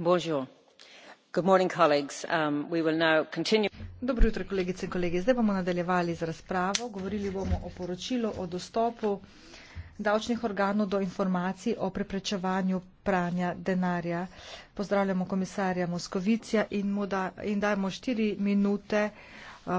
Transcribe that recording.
Um, dobro jutro kolegice in kolegi zdaj bomo nadaljevali z razpravo govorili bomo o poročilu o dostopu davčnih organov do informacij o preprečevanju pranja denarja pozdravljamo komisarja moscovicija in mu dajemo štiri minute da se opredeli do poročila o dostopu do informacij o preprečevanju pranja denarja.